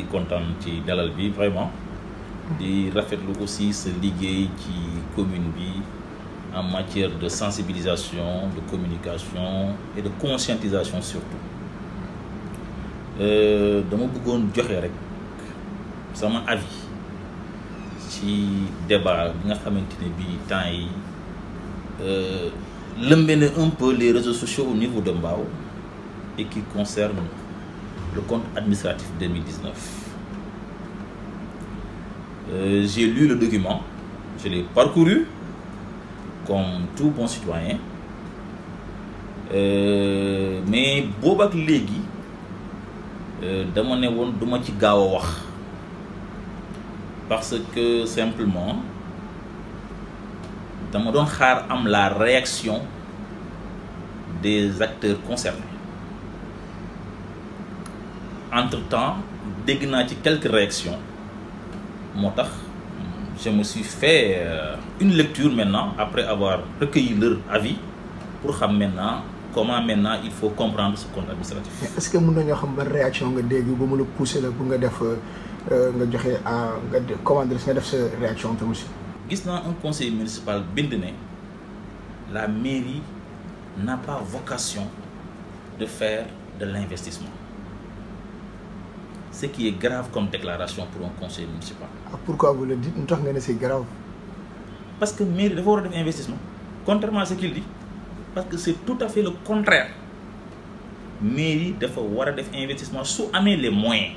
di kontaan ci dalal bi vraiment di rafetlu aussi sa liggéey ci commune bi en matière de sensibilisation de communication et de conscientisation surtout euh, dama bëggoon joxe rek sama avis ci débat bi nga xamante ne bii temps yi euh, lëmbe na un peu les réseaux sociaux au niveau de Mbao et qui concerne le compte administratif 2019. Euh, j'ai lu le document, je l'ai parcouru comme tout bon citoyen. Euh, mais boobu ak léegi euh, dama ne woon duma ci gaaw a wax parce que simplement dama doon xaar am la réaction des acteurs concernés entre temps dégg naa ci quelques réactions moo tax je me suis fait euh, une lecture maintenant après avoir recueilli leur avis pour xam maintenant comment maintenant il faut comprendre ce compte administratif. mais est-ce que mën nañoo xam ban réaction nga dégg ba mu la poussé la pour nga def euh, nga joxe ah, nga comment dire nga def réaction te monsieur. gis naa un conseil municipal bind ne la mairie n'a pas vocation de faire de l'investissement. ce qui est grave comme déclaration pour un conseil municipal. ah pourquoi vous le dites lu tax nga ne c'est grave. parce que mairie dafa war a def investissement contrairement à ce qu'il parce que c'est tout à fait le contraire mairie dafa war a def investissement su amee les moyen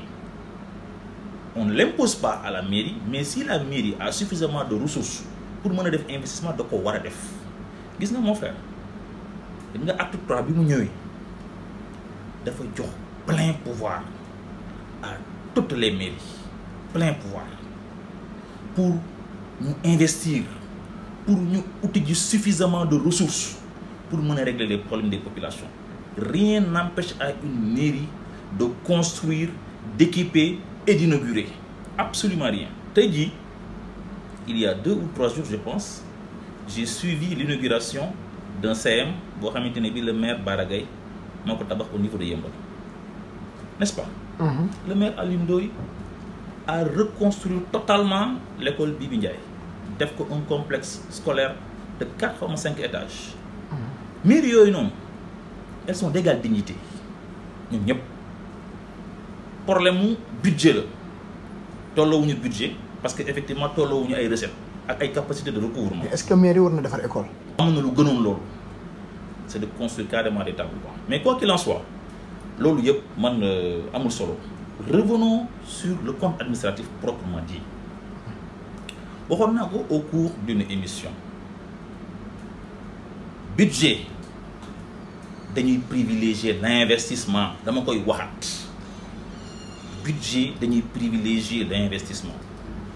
on ne l'impose pas à la mairie mais si la mairie a suffisamment de ressources pour mën a def investissement da ko war a def gis nga mon frère nga acte trois bi mu ñëwee dafa jox à toutes les mairies plein pouvoir pour ñu investir pour ñu outil yu suffisamment de ressources pour mën a régler les problèmes des populations rien n'empêche à une mairie de construire d'équiper et d'inaugurer absolument rien tey jii il y a deux ou trois jours je pense j'ai suivi l'inauguration d'un CM boo xamante ne bi le maire Baragay moo ko tabax au niveau de Yembal n'est-ce pas Mmh. Le maire Alioune Ndoye a reconstruit totalement l'école Bibi Ndiaye def ko un complexe scolaire de quatre ou cinq étages miir mm-hmm. yooyu noonu elles sont d'égale dignité ñoom ñëpp problème mu budget la tolloowuñu budget parce que effectivement tolloowuñu ay recet ak ay capacités de recouvrement. est-ce que mairie war na defar école. amoon na lu gënoon loolu c'est de construire carrément de tableaux mais quoi qu'il en loolu yëpp man euh, amul solo revenons sur le compte administratif proprement dit waxoon naa ko au cours d'une émission budget dañuy privilégier l'investissement dama koy waxaat budget dañuy privilégier l'investissement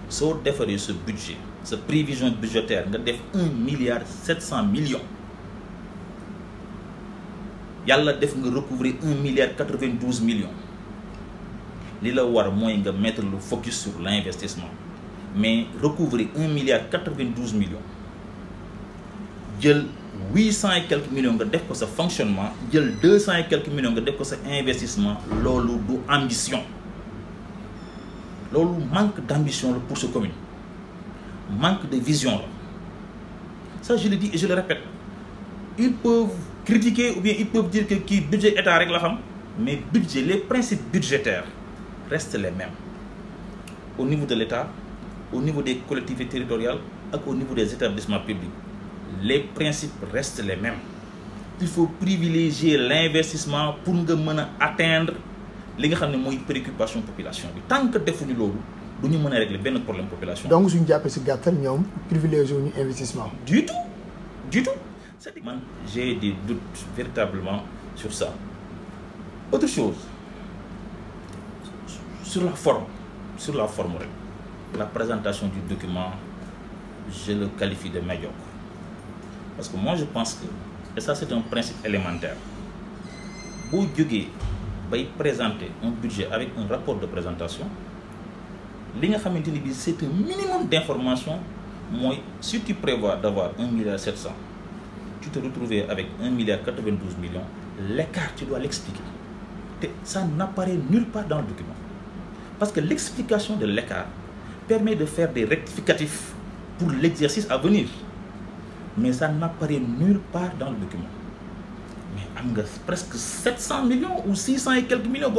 soo defaree sa budget sa prévision budgétaire nga def un milliard sept cent millions yàlla def nga recouvrer un milliard quatre vingt douze millions li la war mooy nga mettre le focus sur l' investissement mais recouvrer un milliard quatre vingt douze millions jël huit cent et quelques millions nga def ko sa fonctionnement jël deux cent et quelques millions nga def ko sa investissement loolu du ambition loolu manque d' la pour sa commune manque de vision la ça je le dis je le répète ils peuvent critiquer ou bien ils peuvent dire que kii budget état rek la xam mais budget les principes budgétaires restent les mêmes au niveau de l'État au niveau des collectivités territoriales ak au niveau des établissements publics les principes restent les mêmes il faut privilégier l'investissement pour nga mën a atteindre li nga xam ne mooy préoccupation population bi tant que defuñu loolu du ñu mën a régler benn problème population. donc suñu jàppee si gàttal ñoom privilégié wuñu investissement. c'est-à-dire man j'ai de doutes véritablement sur ça autre chose sur la forme sur la forme rek la présentation du document je le qualifie de médiocre parce que moi je pense que et ça un principe élémentaire boo jógee bay présenter un budget avec un rapport de présentation li nga xamante ni bi c'est un minimum d'information mooy si tu prévois d'avoir un milliard sept cents tu te retrouves avec 1 milliard 92 millions, l'écart, tu dois l'expliquer. Ça n'apparaît nulle part dans le document. Parce que l'explication de l'écart permet de faire des rectificatifs pour l'exercice à venir. Mais ça n'apparaît nulle part dans le document. Mais il y a presque 700 millions ou 600 et quelques millions de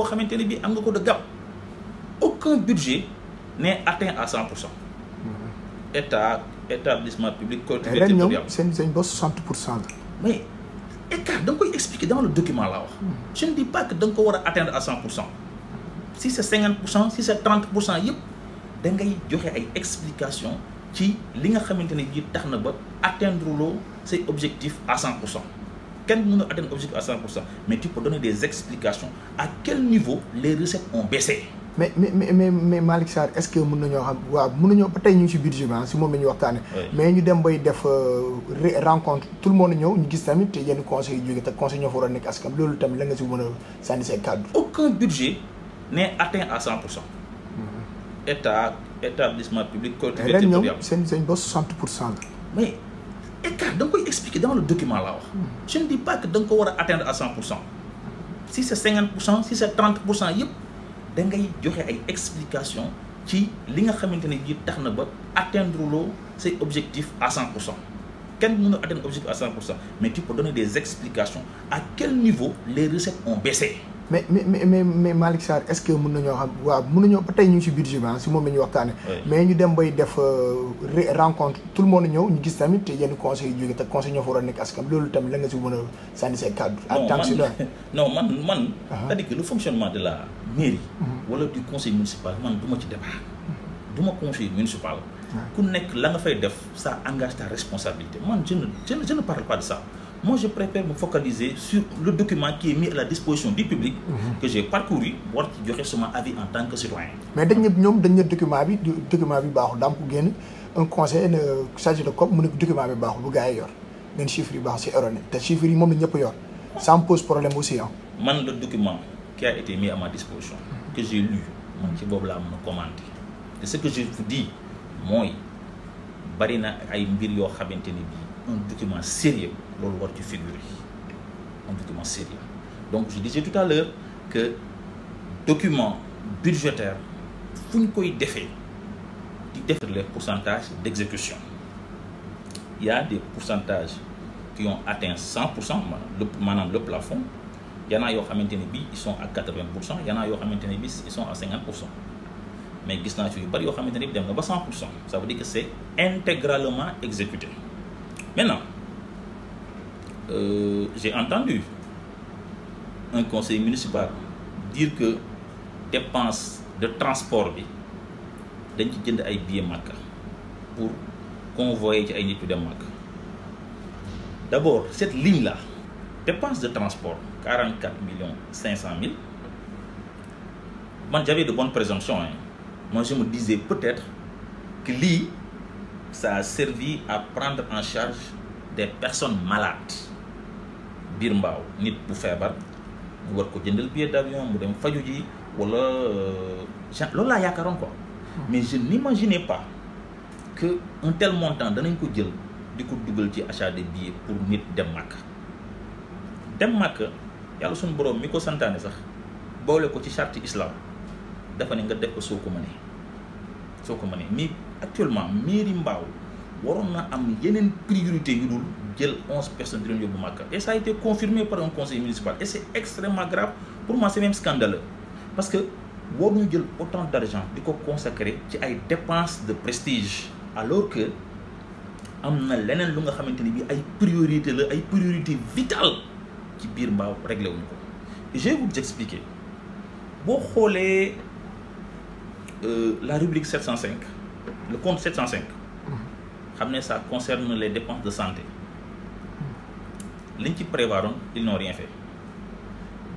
Aucun budget n'est atteint à 100%. état établissement public. collectivité territoriale ren seen seen bos 60 pour cent la. mais écart da nga koy expliquer dans le document laa wax. Hmm. je ne dis pas que da nga ko war a atteindre à cent si c'est 50 pour cent si sa 30 pour cent yëpp da ngay joxe ay explications ci li nga xamante ne ji tax na ba attendre loo say objectif à 100 pour cent. kenn mënul atteindre objectif à 100 pour cent mais tu peux donner des explications à quel niveau les recettes on baissé. mais mais mais mais Malick Sarr est-ce que mën nañoo xam waaw mën nañoo ba tey ñu ci budget bi ah, si moom la ñu waxtaanee. mais ñu dem bay def euh, rencontre tout le monde ñëw ñu gis tamit yenn conseils yu jógee te conseil ñoo fa war a nekk askan loolu tamit la nga si mën a sànni say kàddu. pour cent. Mm-hmm. état établissement public. collectivité pour cent la. mais écart da nga koy expliquer dans le document laa wax. Mm-hmm. je ne dis pas ko war a atteindre à 100 pour cent. si c'est 50 pour cent si c'est 30 pour cent yëpp. da ngay joxe ay explication ci li nga xamante ne bii tax na ba atteindre loo say objectif à 100 pour cent kenn mënu atteindre objectif à 100 pour cent mais tu peux donner des explications à quel niveau les recettes ont baissé mais mais mais mais Malick Sarr est-ce que mën nañoo xam waaw mënuñoo ba tey ñu ngi si budget bi ah, si moom la ñu waxtaane mais ñu dem bay def euh, rencontre tout le monde ñëw ñu gis tamit yenn conseil yu jóge te conseil ñoo fa war a nekk askan loolu tamit la nga si mën a sànni say kàddu en tant que non man man ah ah. c'est-à-dire que de la mairie mm-hmm. wala du conseil municipal man du ma ci débat mm-hmm. du ma conseil municipal ku nekk la nga fay def sa engage ta responsabilité man je ne moi je préfère me focaliser sur le document qui est mis à la disposition du public. Mhm. que j'ai parcouru war ci joxe sama avis en tant que citoyen. mais dañ ne ñoom dañ ne document bi document bi baaxul daan ko génn un conseil ne chargé de com mu ne document bi baaxul bu gars yor neen chiffres yi baax c'est erroné te chiffres yi moom la ñëpp yor ça pose problème aussi ah. man le document qui a été mis à ma disposition. que j'ai lu man ci boobu a commenter te ce que je bari na ay mbir yoo xamante ni un document sérieux loolu war ci figurer un document sérieux donc je disais tout à l'heure que document budgétaire fu ñu koy defee di def le pourcentages d'exécution il y a des pourcentages qui ont atteint cent pour cent maanaam le plafond yanaa yoo xamante ne bi ils sont à quatre-vingts pour cent yanaa yoo xamante ne bi ils sont à cinquante pour cent mais gis naa ci yu bari yoo xamante ne bi dem na ba cent pour cent ça veut dire que c'est intégralement exécuté Maintenant, euh, j'ai entendu un conseil municipal dire que dépense de transport bi dañ ci jënd ay billets Makka pour convoyer ci ay nit yu dem Makka d'abord cette ligne là dépense de transport million millions 500 000 man j'avais de bonnes présomptions hein moi je me disais peut-être que lii ça a servi à prendre en charge des personnes malades biir mbaaw nit bu feebar mu war ko jëndal billet d'avion mu dem faju ji wala genre euh, loolu laa yaakaaroon quoi mais je n'imaginais pas que un tel montant danañ ko jël di ko dugal ci achat de biir pour nit dem makk dem màkk yàlla suñu borom mi ko santaane sax boole ko ci charte islam dafa ne nga def ko soo ko mënee soo ko mënee actuellement mairie Mbao waroon na am yeneen priorité yu dul jël onze personnes di leen yóbbu Màkka et ça a été confirmé par un conseil municipal et c'est extrêmement grave pour moi c'est même scandaleux parce que war ñu jël autant d'argent di ko consacrer ci ay dépense de prestige alors que am na leneen lu nga xamante ni bi ay priorité la ay priorité vitale ci biir Mbao réglé wuñu ko je vais vous expliquer boo xoolee euh, la rubrique le compte xam ne sa concerne les dépenses de santé liñ ci prévoiroon ils n'ont rien fait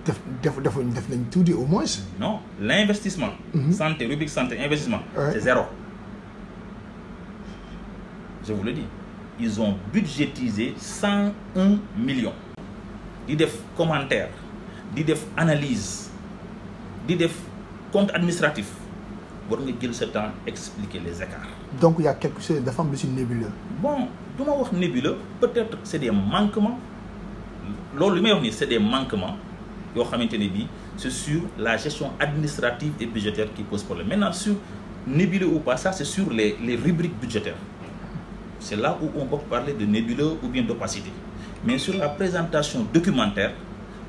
def def defuñ def nañ tuuti au moins non l'investissement mhm. santé rubrique santé investissement c'est zéro je vous le dis ils ont budgétisé cent un million di def commentaire di def analyse di def compte administratif war nga jël sa temps expliquer les écarts. donc y a quelque chose bon du ma wax nébuleux peut-être c'est des manquements loolu li may wax yoo xamante ne bii c'est sur la gestion administrative et budgétaire qui pose problème maintenant sur nébuleux ou pas ça c'est sur les les rubriques budgétaires c'est là où on peut parler de nébuleux ou bien d'opacité mais sur la présentation documentaire.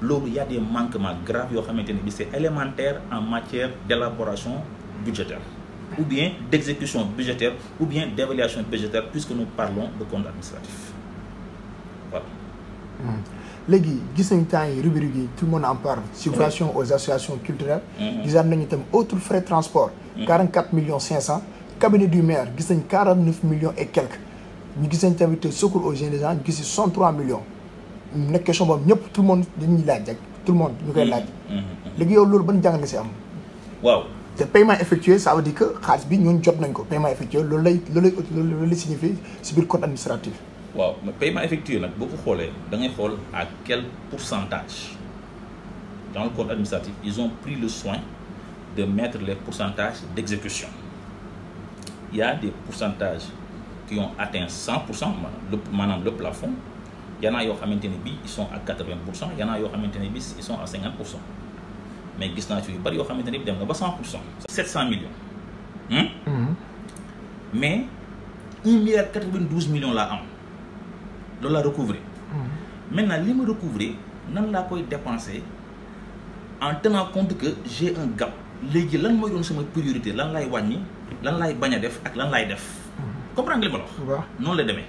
loolu ya des manquements graves yoo xamante ne bi c'est élémentaire en matière d'élaboration budgétaire ou bien d'exécution budgétaire ou bien d'évaluation budgétaire puisque nous parlons de compte administratif voilà. Hmm. léegi gis nañu temps yi rubrique yi tout le monde en parle. subvention aux associations culturelles. Hmm. gisaat nañu itam autres frais transport. 44 hmm. millions 500. cabinet du maire gis nañu 49 millions et quelques ñu gis nañu tamit secours aux jeunes des en ñu gis 103 millions. mu nekk question boobu ñëpp tout le monde dañuy laaj rek tout le monde ñu koy laaj. léegi yow loolu ban jàng nga si am. te paiement effectué ça veut dire que xaalis bi ñun jot nañ ko paiement effectué loolu lay loolu lay loolu lay signifie si biir code administratif. waaw mais paiement effectué nag boo ko xoolee da ngay xool ak quel pourcentage dans le code administratif ils ont pris le soin de mettre les pourcentages d'exécution il y a des pourcentages qui ont atteint 100 pour cent maanaam le plafond y en a yoo xamante ne bii ils sont à 80 pour a yoo xamante ne bii ils sont à 50 mais gis naa ci yu bari yoo xamante ni dem na ba cent pour cent. sept cent millions. Hmm? Hmm. mais un milliard quatre vingt douze millions laa am loolu laa recouvré. Hmm. maintenant li ma recouvrer nan laa koy dépensé en tenant compte que j'ai un gap. léegi lan mooy doon sama priorité lan laay ni lan laay bañ a def ak lan laay def. comprendre nga li ma la wax. la demee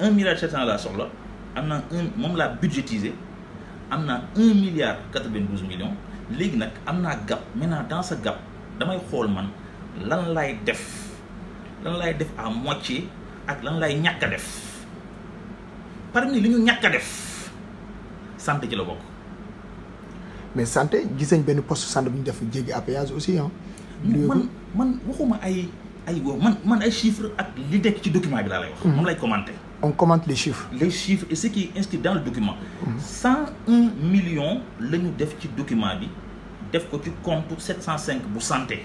un milliard sept cent laa soxla am na un moom laa budgétiser. am na un milliard quatre-vingt-douze millions léegi nag am naa gap naa dans ce gap damay xool man lan laay def lan lay def à moitié ak lan lay ñàkk a def ni li ñu ñàkk a def santé ci la bokk. mais santé gis nañ benn post santé bu ñu def jéggi à péage aussi ah. man man waxuma ay ay man man ay chiffres ak li dekk ci document bi laa lay wax. Mhm. moom lay commenté. on commente les chiffres. les chiffres et ce qui est inscrit dans le document. 101 millions la ñu def ci document bi def ko ci compte 705 bu santé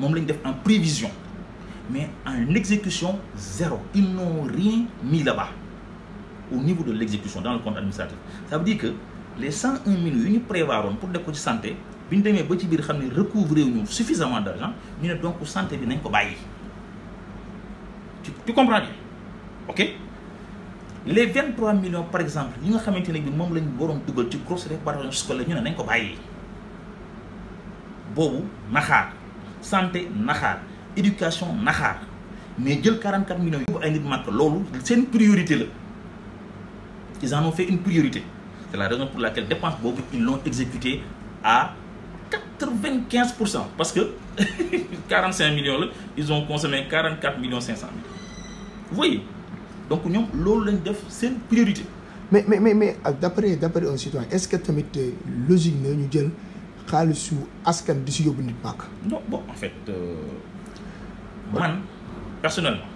moom la def en prévision mais en exécution zéro ils n'ont rien mis là-bas au niveau de l'exécution dans le compte administratif ça veut dire que les 101 millions yu ñu prévoiroon pour def ko ci santé bi ñu demee ba ci biir xam ne recouvrer ñu suffisamment d'argent ñu ne donc santé bi nañ ko bàyyi tu tu comprends ok les vingt trois millions par exemple ñi nga xamante ne bi moom lañu waroon dugal ci grosse réparation scolaire ñu ne nañ ko bàyyi boobu naxaar santé naxaar éducation naxaar mais jël quarante quatre millions yóbbu ay nit màkk loolu seen priorité la ils en ont fait une priorité c'est la raison pour laquelle dépense boobu ils l'ont exécuté à quatre vingt quinze pour cent parce que quarante cinq millions la ils ont consommé quarante quatre millions cinq cent donc ñoom loolu lañu def seen priorité. mais mais mais mais d'après d'après un citoyen est-ce que tamit euh, logique na ñu jël xaalisu askan di si yóbbu nit màkk. non bon en fait euh, man euh, personnellement.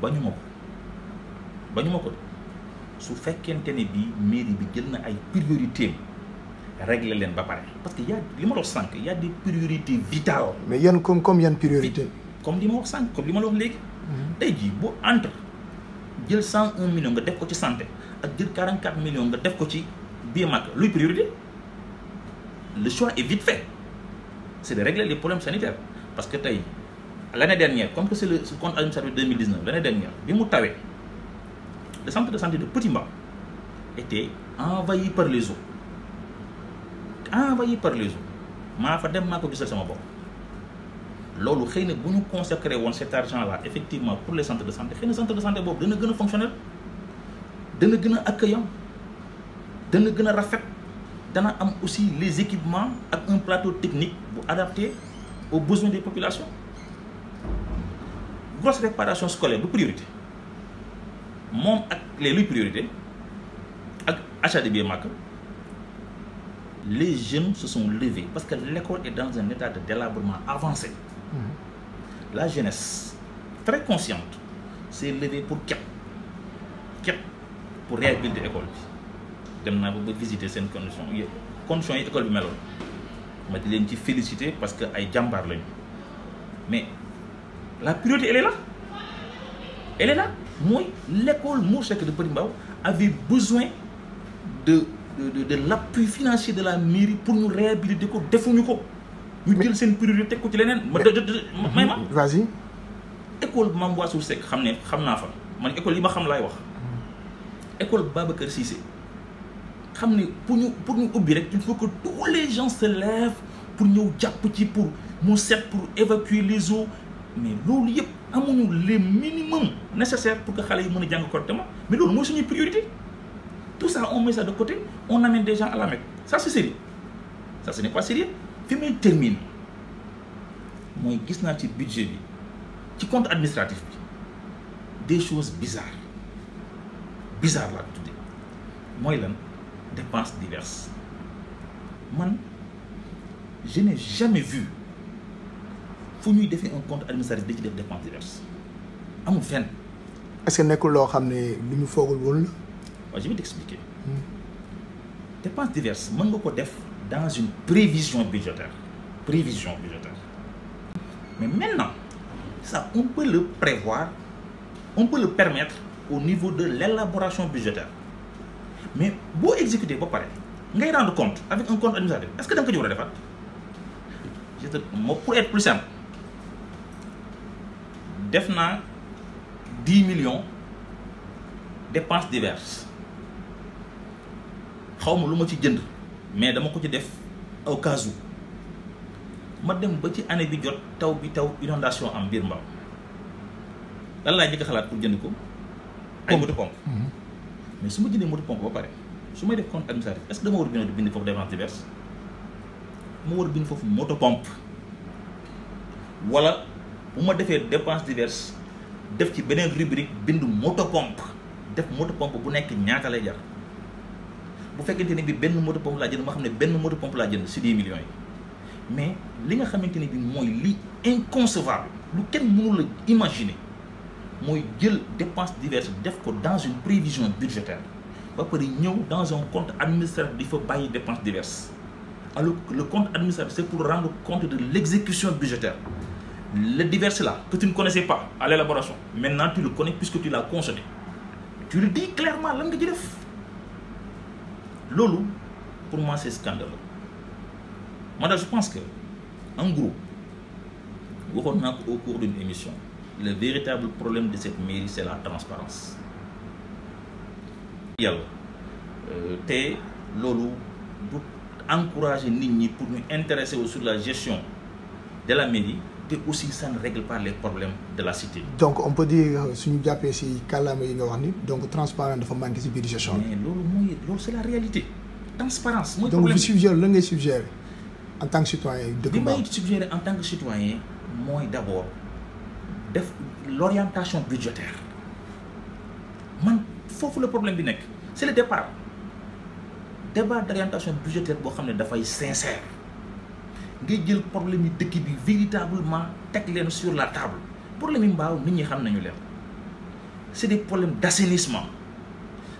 bañu ma ko bañu ko su fekkente ni bii mairie bi jël na ay priorité régler leen ba pare parce que y' li ma la wax sànq y' a des priorités vitales. mais yan comme comme yan priorité. comme li ma wax sànq comme li ma la wax léegi. tey jii bu entre. jël 101 millions nga def ko ci santé ak jël 44 millions nga def ko ci bi màkk luy priorité le choix est vite fait c' est de régler les problèmes sanitaires parce que tey l' année dernière comme que c' est le compte administratif 2019 l' année dernière bi mu tawee le centre de santé de Petit Mbao était envahi par les eaux envahi par les eaux maa fa dem maa ko gisal sama bopp. loolu xëy na bu ñu consacré woon cet argent là effectivement pour les centres de santé xëy na centre de santé boobu dana gën a fonctionnel dana gën a accueillant dana gën a rafet dana am aussi les équipements ak un plateau technique bu adapté aux besoins des populations grosse réparation scolaire du priorité moom ak les luy priorité ak achat de billets Makka les jeunes se sont levés parce que l'école est dans un état de délabrement avancé la jeunesse très consciente s'est levée pour képp képp pour réhabiliter école bi dem naa ba ba visiter seen condition yi conditions yi école bi meloon ma di leen ci féliciter parce que ay jàmbaar lañu mais la priorité elle est là elle est là mooy l'école Mourchek de Petit Mbao avait besoin de de de, de l'appui financier de la mairie pour ñu réhabiliter ko defuñu ko. ñu jël seen priorité teg ko ci leneen. ma dë may ma. vas-y. école Mame Wassou Seck xam ne xam naa fa man école yi xam laay wax. école Babacar Cissé xam ne pour ñu pour ñu ubbi rek il faut les gens se lèvent pour ñëw jàpp ci pour mu set pour évacuer les eaux mais loolu yëpp amuñu le minimum nécessaire pour que xale yi mën a jàng correctement mais loolu mooy suñuy priorité tout ça on met ça de côté on amène des gens à la Mecque ça c'est sérieux fi muy termine mooy gis naa ci budget bi ci compte administratif bi des choses bizarres bizarres laa tuddee mooy lan dépenses diverses man je n'ai jamais vu fu ñuy defee un compte administratif di ci def dépenses diverses amul fenn. est que nekkul loo xam ne lu ñu foogul woon la. waaw je vais t'expliquer. Hmm. dépenses diverses mën nga ko def. dans une prévision budgétaire. Prévision budgétaire. Mais maintenant, ça, on peut le prévoir, on peut le permettre au niveau de l'élaboration budgétaire. Mais boo exécuter, pas pareil. Vous rendre compte avec un compte administratif. Est-ce que vous avez fait Pour être plus simple, def naa dix millions dépenses diverses xaw ma lu ma ci jënd mais dama ko ci def au cas ma dem ba ci année bi jot taw bi taw inondation am biir mbaaw lan laa njëkk xalaat pour jënd ko ay moto pompe mhm. mais su ma jëndee moto pompe ba pare su may def compte administratif est ce que dama war a bind bind foofu dépenses diverses ma war bind foofu moto pompe wala bu ma defee dépenses diverses def ci beneen rubrique bind moto pomp def moto pompe bu nekk ñaata lay jar bu fekkente ni bi benn moto pompe laa jënd ma xam ne benn moto pompe laa jënd si 10 millions yi mais li nga xamante ni bi mooy li inconcevable lu kenn mënul a imaginer mooy jël dépense diverses def ko dans une prévision budgétaire ba pare ñëw dans un compte administratif di fa bàyyi dépense diverses alors le compte administratif c'est pour rendre compte de l'exécution budgétaire le divers là que tu ne connaissais pas à l'élaboration maintenant tu le connais puisque tu l'as constaté tu le loolu pour moi c'est scandaleux man je pense que en gros waxoon naa ko au cours d'une émission le véritable problème de cette mairie c'est la transparence yàlla euh, te loolu du encourager nit ñi pour ñu intéresser wu sur la gestion de la mairie te aussi ça ne règle pas les problèmes de la cité. donc on peut dire euh, suñu jàppee si kàllaama yi nga wax ni donc transparence dafa manqué si biir gestion mais loolu mooy loolu c'est la réalité transparence mooy problème donc bu suggère la ngay suggérer en tant que citoyen dëgg bi may suggérer en tant que citoyen mooy d'abord def l'orientation budgétaire man foofu la problème bi nekk c'est le départ débat d'orientation budgétaire boo xam ne dafay sincère ngay jël problème yi dëkk bi véritablement teg leen sur la table problème yi mbaaw nit ñi xam nañu leen c'est des problèmes d'assainissement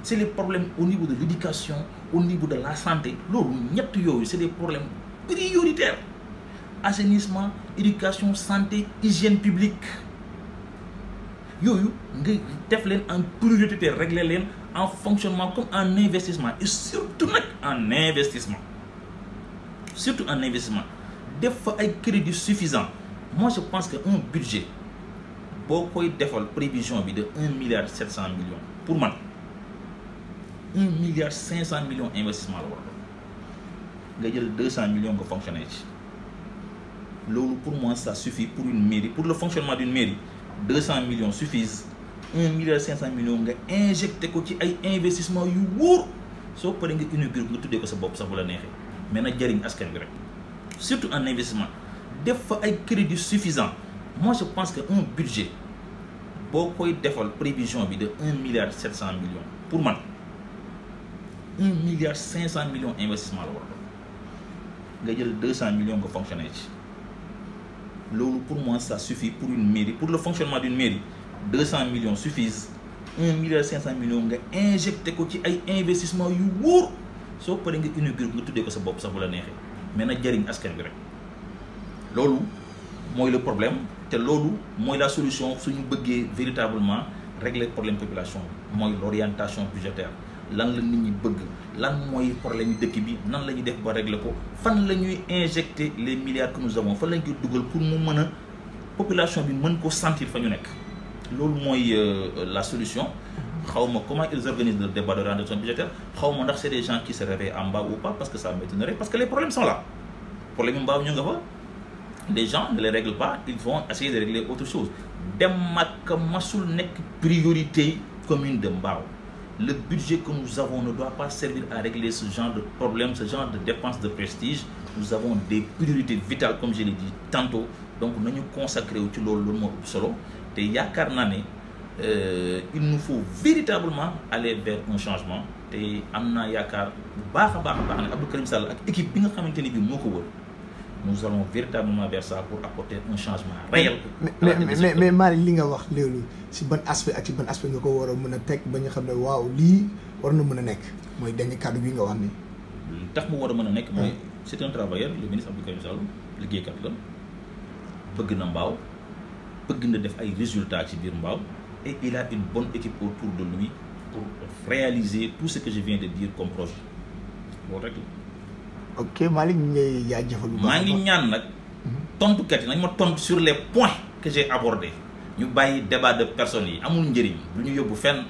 c'est les problème au niveau de l'éducation au niveau de la santé loolu ñett yooyu c'est des problèmes prioritaires assenissement éducation santé hygiène publique yooyu nga def leen en priorité régler leen en fonctionnement comme en investissement et surtout nag en investissement surtout en investissement def fa ay crédit suffisant moi je pense que un budget boo koy defal prévision bi de un milliard sept cent millions pour man un milliard cinq cent millions investissement la war nga jël deux cent millions nga fonctionner ci loolu pour moi ça suffit pour une mairie pour le fonctionnement d'une mairie deux cent millions suffisent un milliard cinq cent millions nga injecté ko ci ay investissement yu wóor soo paree nga inauguré nga tuddee ko sa bopp sax bu neexee mais nag jëriñ askan bi rek surtout en investissement def fa ay crédit suffisant moi je pense que un budget boo koy defal prévision bi de un milliard sept cent millions pour man un milliard cinq cent millions investissement la war nga jël deux cent millions nga fonctionné ci loolu pour moi ça suffit pour une mairie pour le fonctionnement d'une mairie deux cent millions suffisent un milliard cinq cent millions nga injecté ko ci ay investissement yu wóor soo paree nga inauguré nga tuddee sa bopp sax la neexee mais na jëriñ askan bi rek loolu mooy le problème te loolu mooy la solution suñu bëggee véritablement régler problème population bi mooy l'orientation budgétaire lan la nit ñi bëgg lan mooy problème yu dëkk bi nan la ñuy def ba régler ko fan la ñuy injecter les milliards que nous avons fan la dugal pour mu mën a population bi mën ko sentir fa ñu nekk loolu mooy euh, la solution xawma comment ils organisent leur débat d'orientation budgétaire xawma ndax c'est des gens qui se réveillent en bas ou pas parce que ça m'étonnerait parce que les problèmes sont là problème yi mbaaw ñu nga fa les gens ne les règlent pas ils vont essayer de régler autre chose dem ak masul nekk priorité commune de mbaaw le budget que nous avons ne doit pas servir à régler ce genre de problème ce genre de dépense de prestige nous avons des priorités vitales comme je l'ai dit wu ci loolu loolu solo te yaakaar euh, il nous faut véritablement aller vers un changement te am naa yaakaar bu baax a baax a baax ne Abdou Karim Sall ak équipe bi nga xamante ni bii moo ko wër nous allons véritablement vers ça pour apporter un changement réel. mais mais mais mais Malick li nga wax léegi ci ban aspect ak ci ban aspect nga ko war a mën a teg ba nga xam ne waaw lii war na mën a nekk mooy dañu kàddu bi nga wax ni tax mu war a mën a nekk ah. mooy c'est un travailleur le ministre Abdou Karim Sall liggéeykat la bëgg na mbaaw bëgg na def ay résultats ci biir mbaaw. e il a une bonne équipe autour de lui pour réaliser tout ce que je viens de dire comme projet loolu rek la. ok Malick ñu ngi jaajëfal maa ngi ñaan nag. tontukat yi nañ ma tontu sur les points que j'ai abordés ñu bàyyi débat de personnes yi amul njëriñ lu ñu yóbbu fenn.